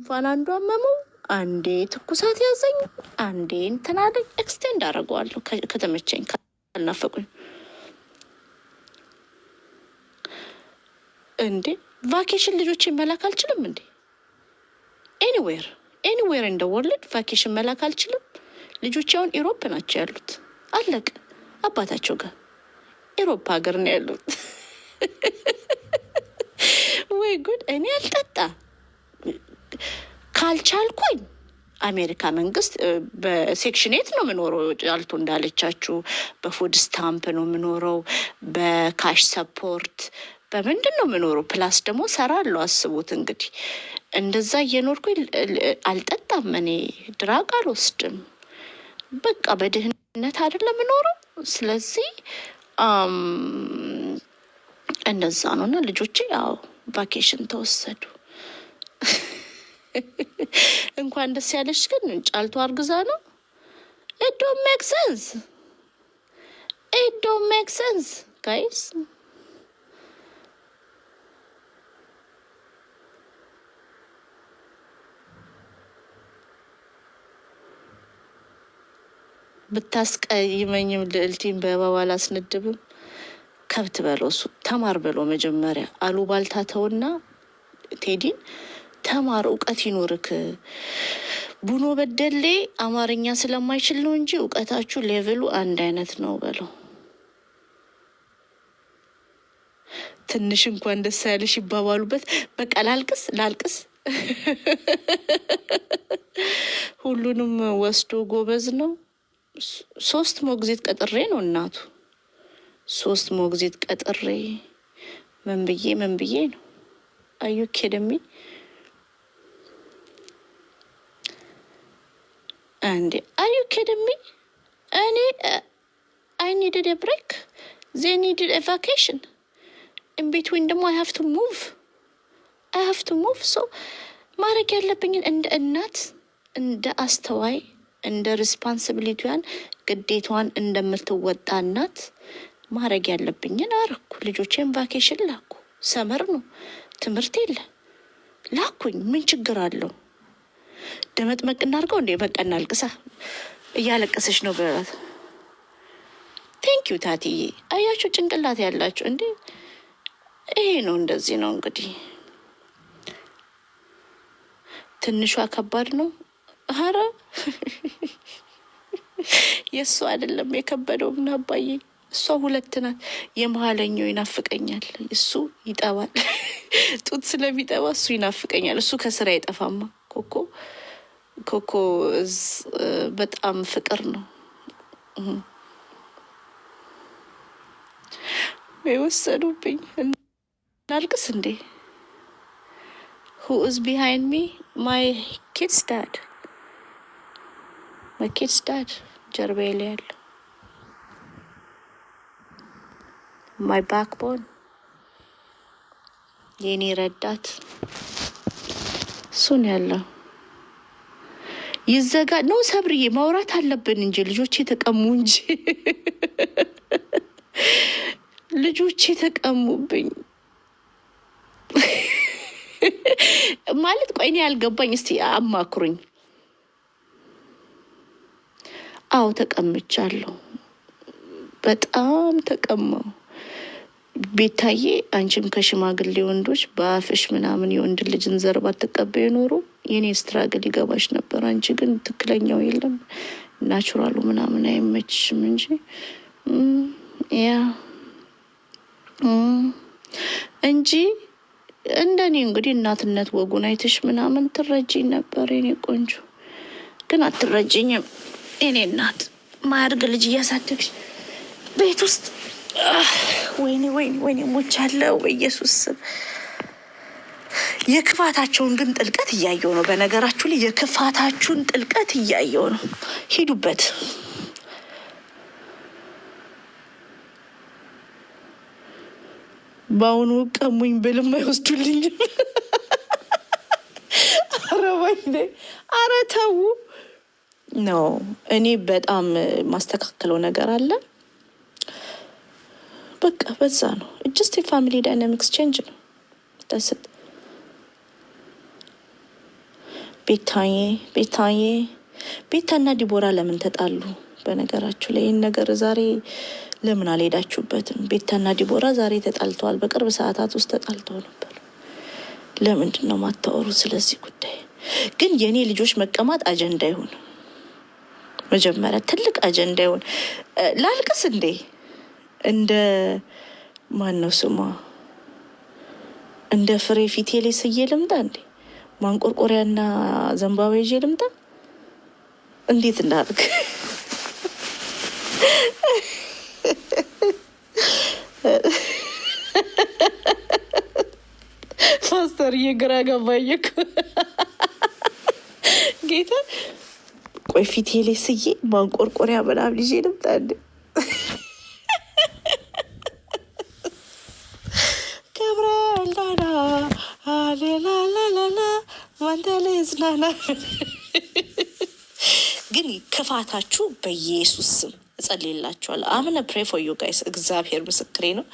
እንኳን አንዱ አመመው አንዴ ትኩሳት ያዘኝ አንዴ እንትን አለኝ። ኤክስቴንድ አደርገዋለሁ ከተመቸኝ ካልናፈቁኝ። እንዴ ቫኬሽን ልጆችን መላክ አልችልም እንዴ? ኤኒዌር ኤኒዌር እንደ ወርልድ ቫኬሽን መላክ አልችልም። ልጆች አሁን ኢሮፕ ናቸው ያሉት፣ አለቅ አባታቸው ጋር ኢሮፕ ሀገር ነው ያሉት። ወይ ጉድ! እኔ አልጠጣ ካልቻልኩኝ አሜሪካ መንግስት ኤት ነው የምኖረው። ጫልቱ እንዳለቻችሁ በፉድ ስታምፕ ነው የምኖረው፣ በካሽ ሰፖርት በምንድን ነው የምኖረው? ፕላስ ደግሞ ሰራለሁ። አስቡት እንግዲህ እንደዛ እየኖርኩ አልጠጣም፣ እኔ ድራግ አልወስድም። በቃ በድህነት አይደለም የምኖረው። ስለዚህ እንደዛ ነው እና ልጆቼ ያው ቫኬሽን ተወሰዱ። እንኳን ደስ ያለሽ። ግን ጫልቱ አርግዛ ነው። ኢት ዶንት ሜክ ሰንስ፣ ኢት ዶንት ሜክ ሰንስ ጋይስ። ብታስቀይመኝም ልዕልቲን በእባብ አላስነድብም። ከብት በለው እሱ ተማር በለው መጀመሪያ። አሉባልታ ተውና ቴዲን ተማር፣ እውቀት ይኖርክ። ቡኖ በደሌ አማርኛ ስለማይችል ነው እንጂ እውቀታችሁ ሌቭሉ አንድ አይነት ነው በለው። ትንሽ እንኳን ደስ ያለሽ ይባባሉበት። በቃ ላልቅስ ላልቅስ። ሁሉንም ወስዶ ጎበዝ ነው። ሶስት ሞግዚት ቀጥሬ ነው እናቱ ሶስት ሞግዚት ቀጥሬ ምን ብዬ ምን ብዬ ነው አዩ ኬደሚ እንዴ አዩ ኬድሚ እኔ አይ ኒድድ ብሬክ ዜ ኒድድ ቫኬሽን ኢንቢትዊን ደግሞ አይ ቱ ሙቭ አይ ቱ ሙቭ ሶ ማድረግ ያለብኝን እንደ እናት እንደ አስተዋይ እንደ ሪስፓንስብሊቲዋን ግዴታዋን እንደምትወጣ እናት ማድረግ ያለብኝን አረኩ። ልጆቼን ቫኬሽን ላኩ። ሰመር ነው ትምህርት የለ ላኩኝ። ምን ችግር አለው? ደመጥመቅ እናድርገው እንዴ? በቃ እናልቅሳ። እያለቀሰች ነው በራት። ቴንኪዩ ታትዬ። አያችሁ ጭንቅላት ያላችሁ እንዴ? ይሄ ነው እንደዚህ ነው እንግዲህ። ትንሿ ከባድ ነው። ኧረ የእሱ አይደለም የከበደው ምን አባዬ፣ እሷ ሁለት ናት። የመሀለኛው ይናፍቀኛል፣ እሱ ይጠባል። ጡት ስለሚጠባ እሱ ይናፍቀኛል። እሱ ከስራ አይጠፋማ። ኮኮ ኮኮ በጣም ፍቅር ነው። የወሰዱብኝ እናልቅስ እንዴ? ሁ ኢዝ ቢሃይንድ ሚ ማይ ኪድስ ዳድ ማይ ኪድስ ዳድ ጀርባዬ ላይ ያለ ማይ ባክቦን የኔ ረዳት እሱ ነው ያለው። ይዘጋ ነው ሰብርዬ፣ ማውራት አለብን እንጂ ልጆቼ ተቀሙ እንጂ ልጆቼ ተቀሙብኝ ማለት ቆይኔ ያልገባኝ እስቲ አማክሩኝ። አዎ ተቀምቻለሁ፣ በጣም ተቀማው። ቤታዬ አንቺም ከሽማግሌ ወንዶች በአፍሽ ምናምን የወንድ ልጅን ዘር ባትቀበይ ኖሮ የኔ ስትራግል ይገባሽ ነበር። አንቺ ግን ትክክለኛው የለም ናቹራሉ ምናምን አይመችሽም እንጂ ያ እንጂ እንደኔ እንግዲህ እናትነት ወጉን አይተሽ ምናምን ትረጂኝ ነበር የኔ ቆንጆ። ግን አትረጂኝም የኔ እናት ማያድግ ልጅ እያሳደግሽ ቤት ውስጥ ወይኔ ወይኔ ወይኔ ሞቻለሁ። በኢየሱስ ስም የክፋታቸውን ግን ጥልቀት እያየው ነው። በነገራችሁ ላይ የክፋታችሁን ጥልቀት እያየው ነው። ሂዱበት። በአሁኑ ቀሙኝ ብልም አይወስዱልኝም። አረ ወይኔ፣ አረ ነው። እኔ በጣም ማስተካከለው ነገር አለ። በዛ ነው። እጅስት የፋሚሊ ዳይናሚክስ ቼንጅ ነው። ደስት ቤታዬ ቤታዬ ቤታና ዲቦራ ለምን ተጣሉ? በነገራችሁ ላይ ይህን ነገር ዛሬ ለምን አልሄዳችሁበትም? ቤታና ዲቦራ ዛሬ ተጣልተዋል። በቅርብ ሰዓታት ውስጥ ተጣልተው ነበር። ለምንድን ነው ማታወሩ? ስለዚህ ጉዳይ ግን የእኔ ልጆች መቀማት አጀንዳ ይሁን፣ መጀመሪያ ትልቅ አጀንዳ ይሁን። ላልቅስ እንዴ? እንደ ማን ነው ስሟ? እንደ ፍሬ ፊቴ ላይ ስዬ ልምጣ እንዴ? ማንቆርቆሪያና ዘንባባ ይዤ ልምጣ? እንዴት እንዳርግ? ፓስተር እየግራ ገባኝ እኮ ጌታ። ቆይ ፊቴ ላይ ስዬ ማንቆርቆሪያ ምናምን ይዤ ልምጣ እንዴ? አንተ ላይ ዝናና ግን ክፋታችሁ በኢየሱስ ስም እጸልይላችኋለሁ። አምነ ፕሬ ፎር ዩ ጋይስ እግዚአብሔር ምስክሬ ነው።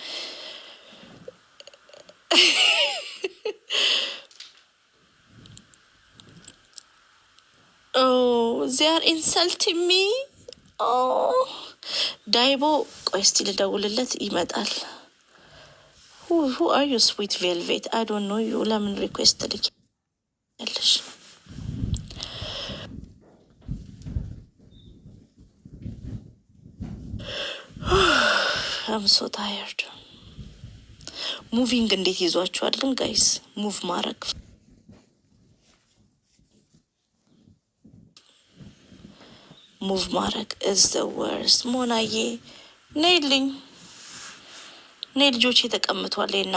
ዚያር ኢንሰልት ሚ ዳይቦ ቆይ እስቲ ልደውልለት ይመጣል። ሁ አር ዩ ስዊት ቬልቬት አይ ዶንት ኖ ዩ ለምን ሪኩዌስት ልክ ያለሽ አምሶ ታየርድ ሙቪንግ እንዴት ይዟችኋልን ጋይስ? ሙቭ ማድረግ ሙቭ ማድረግ እዝ ዘ ወርስ። ሞናዬ ነይልኝ፣ ነይ ልጆቼ ተቀምጧል እና